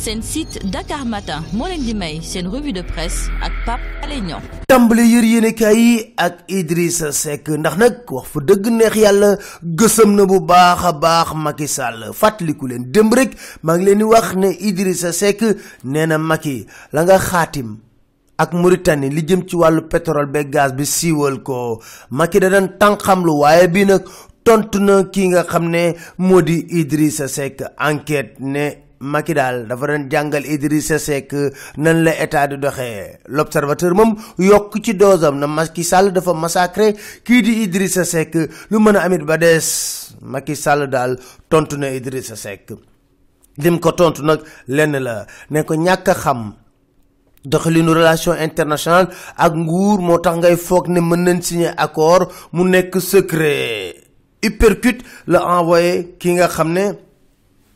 seen site Dakar Matin moo leen di seen revue de presse ak Pape Alé Niang tàmbale yër yéenekaay yi ak Idrissa Seck ndax nag wax fa dëgg neex yàlla gësam na bu baax a baax Macky Sall fàttaliku leen démb rek maa ngi leen di wax ne Idrissa Seck nee na Macky la nga xaatim ak Mauritanie li jëm ci wàllu pétrole ba gaz bi siiwal ko Macky da daan tànqamlu waaye bii nag tontu na kii nga xam ne moo di idri sa Seck enquête ne Macky daal dafa doon jàngal Idrissa Seck nan la état di doxee l'observateur moom yokk ci doosam na ki Sall dafa massacré kii di Idrissa Seck lu mën a amit ba dees Macky Sall daal tontu na Idrissa Seck lim ko tontu nag lenn la ne ko ñàkk a xam doxalinu relation internationale ak nguur moo tax ngay foog ni mën nañ signer accord mu nekk secret uppercut la envoyé ki nga xam ne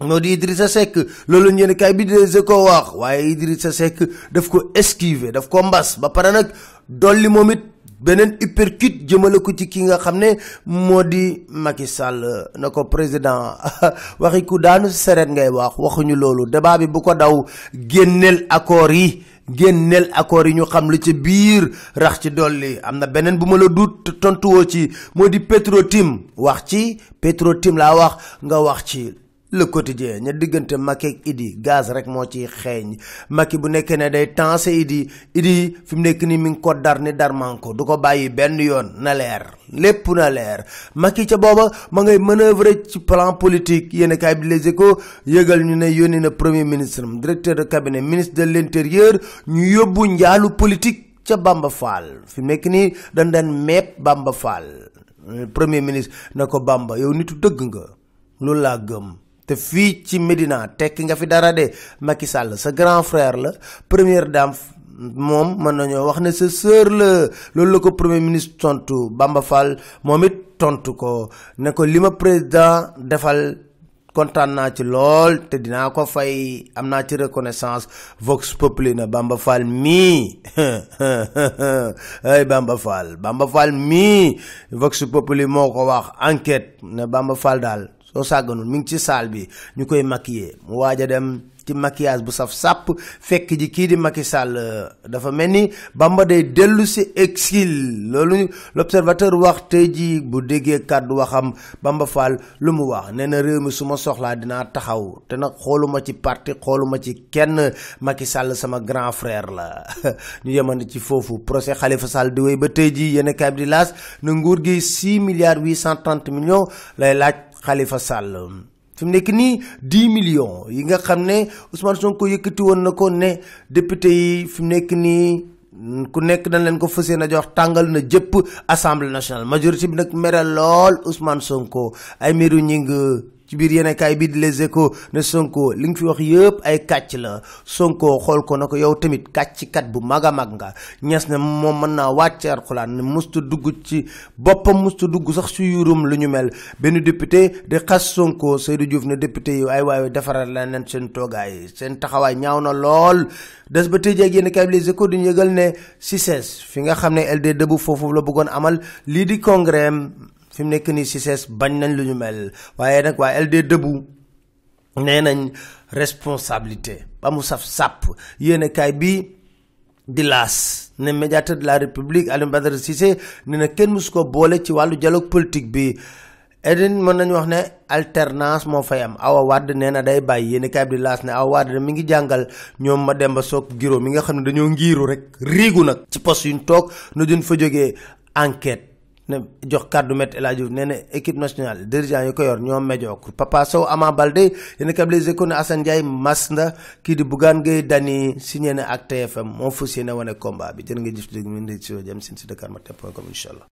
moo di sa Seck loolu ñeen kay bi de ko wax waaye sa Seck daf ko esquiver daf ko mbas ba pare nag dolli moom it beneen uppercut jëmale ko ci ki nga xam ne moo di Macky sàll na ko président waxi ku daanu seret ngay wax waxuñu loolu débat bi bu ko daw génneel accord yi génneel accord yi ñu xam lu ci biir rax ci dolli am na beneen bu ma la duut tontuwoo ci moo di Petro Tim wax ci Petro Tim laa wax nga wax ci le quotidien ña diggante Macky ak Idi gaz rek moo ciy xeeñ Macky bu nekkee ne day tancé Idi Idi fi mu nekk nii mi ngi ko dar ni dar manko du ko bàyyi benn yoon na leer lépp na leer Macky ca booba ma ngay manœuvrer ci plan politique yéen kaay bi Les Échos yëgal ñu ne yónni na premier ministre directeur de cabinet ministre de l'intérieur ñu yóbbu njaalu politique ca Bamba Fall fi mu nekk nii dañ daan mepp Bamba Fall premier ministre na ko Bamba yow nit dëgg nga loolu laa gëm te fii ci Médina tekki nga fi dara de Macky Sall sa grand frère la première dame moom mën nañoo wax ne sa sœur la loolu la ko premier ministre tontu Bamba Fall moom it tontu ko ne ko li ma président defal. kontaan naa ci lool te dinaa ko fay am naa ci reconnaissance Vox Populi na Bamba Fall mii ay Bamba Fall Bamba Fall mii Vox Populi moo ko wax enquête ne Bamba Fall daal soo sàgganul mu ngi ci saal bi ñu koy maquiller mu waaj dem. ci maquillage bu saf sàpp fekk ji kii di Macky Sall euh, dafa mel ni Bamba day dellu si exil loolu l'observateur wax tey ji bu déggee kàddu waxam Bamba Fall lu mu wax nee na réew mi su ma soxlaa dinaa taxaw te nag xooluma ci parti xooluma ci kenn Macky Sall sama grand frère la ñu yemandi ci foofu procès xalifa Sall di wéy ba tey ji yenn kaay bi di laas na nguur gi 6 milliards 830 lay laaj xalifa Sall fi mu nekk nii 10 millions yi nga xam ne Ousmane Sonko yëkkati woon na ko ne député yi fi mu nekk nii ku nekk dañ leen ko fas yéene jox tàngal na jëpp assemblée nationale majorité bi nag mere lool Ousmane Sonko ay miru ñi ci biir yéenekaay bi di Les Échos ne Sonko li nga fi wax yëpp ay kàcc la Sonko xool ko na ko yow tamit kàcckat bu mag a mag nga ñes ne moom mën naa waat ci Alxuraan ne dugg ci boppam mustu dugg sax su yurum lu ñu mel benn député di xas Sonko Seydou Diouf ne député yi waaye waaye defaral la leen seen toogaay seen taxawaay ñaaw na lool des ba tëjee ak yéenekaay bi Les Échos duñu yëgal ne CICES fi nga xam ne LD Debout foofu la bëggoon amal lii di congrès fi mu nekk nii si CICES bañ nañ lu ñu mel waaye nag waa LD Debout nee nañ responsabilité ba mu saf sàpp yéene bi di laas ne médiate de la république Alioune Badara Cissé ne na kenn mësu ko boole ci wàllu dialogue politique bi eden mën nañu wax ne alternance moo fay am Awa Wade nee na day bàyyi yéen kaay bi di laas ne Awa Wade mi ngi jàngal ñoom ma dem ba Sock Guiro mi nga xam ne dañoo ngiiru rek riigu nag ci poste yuñ toog nu duñ fa jógee enquête ne jox kàddu met El Hadj nee na équipe nationale dirigeant yi ko yor ñoom médiocre Papa Sow Ama Baldé yéen a kab les échos ne Assane Ndiaye mas na kii di Bougane Gueye Dany signé na ak TFM moo fas yéene wane combat bi jërë nga jëf dégg mën di si jëm sin si Dakar Matin point com incha allah